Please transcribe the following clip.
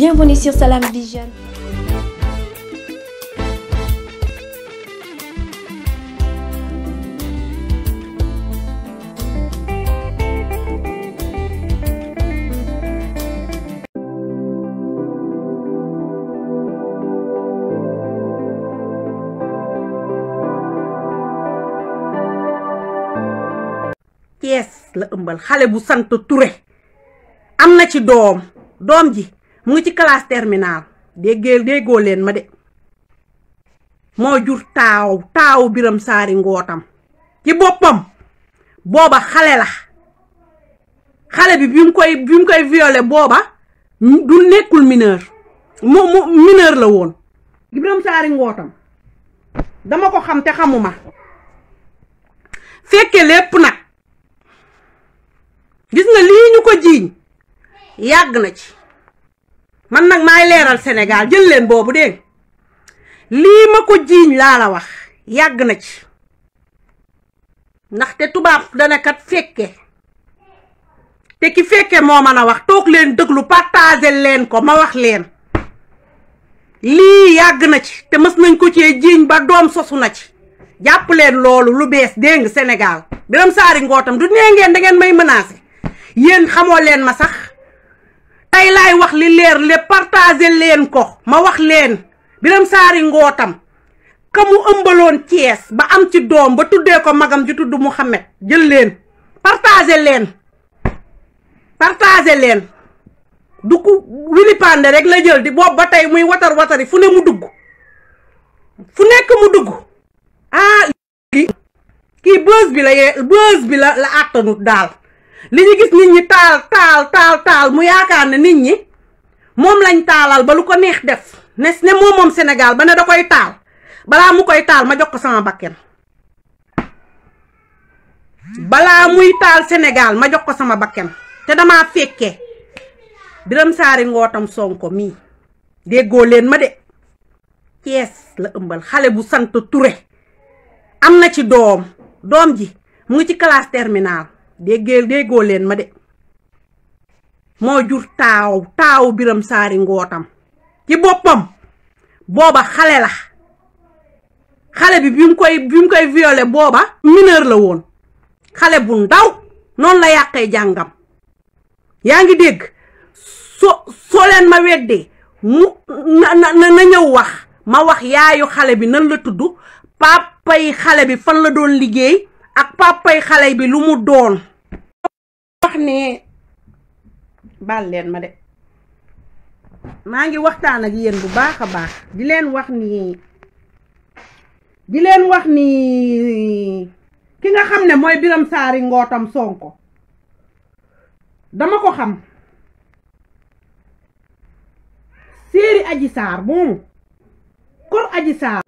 Bienvenue sur Salam Vision. Cees la ëmbal xale bu sant Touré am na ci doom doom ji mu ngi ci classe terminale déggee déggoo leen ma de moo jur taaw taaw biram saari ngootam ci boppam booba xale la xale bi bi mu koy bi mu koy violé booba du nekkul mineur mu mu mineur la woon biram saari ngootam dama ko xam te xamuma fekke lépp nag gis nga lii ñu ko jiiñ yàgg na ci man nag maay leeral senegaal jël leen boobu dégg lii ma ko jiiñ laa la wax yàgg na ci ndaxte tubaab dana kat fekke te ki fekke moo mën a wax toog leen déglu partager leen ko ma wax leen lii yàgg na ci te mës nañ ko cee jiiñ ba doom sosu na ci jàpp leen loolu lu bees dégg Sénégal Biram Saari ngootam du nee ngeen da ngeen may menacer yéen xamoo leen ma sax tey lay wax li leer le partagé leen ko ma wax leen Biram Saari Ngootam ka mu ëmbaloon Thiès ba am ci doom ba tuddee ko magam ju tudd Mouhamed jël leen partagé leen partagé leen du ku wili rek la jël di boobu ba tey muy watar watari fu ne mu dugg fu nekk mu dugg ah kii bës bi la yee bës bi la àttanut daal li ñu gis nit ñi taal taal taal taal mu yaakaar ne nit ñi moom lañ taalal ba lu ko neex def ne ne moom moom Sénégal ba ne da koy taal balaa mu koy taal ma jox ko sama bakken balaa muy taal senegaal ma jox ko sama bakken te damaa fekkee Biram Saari Ngootam Sonko mii déggoo leen ma de Cees la ëmbal xale bu sant ture am na ci doom doom ji mu ngi ci classe terminale déggee déggoo leen ma de moo jur taaw taaw biram saari ngootam ci boppam booba xale la xale bi bi mu koy bi mu koy violé booba mineur la woon xale bu ndaw noon la yàqee jàngam yaa ngi dégg so soo leen ma weddee mu na na na ñëw wax ma wax yaayu xale bi nan la tudd papay xale bi fan la doon liggéey ak papay xale bi lu mu doon wax ne baal leen ma de maa ngi waxtaan ak yéen bu baax a baax di leen wax nii di leen wax ni ki nga xam ne mooy Biram Saari Ngootam Sonko dama ko xam séeri Adji Sarr moomu kor Adji Sarr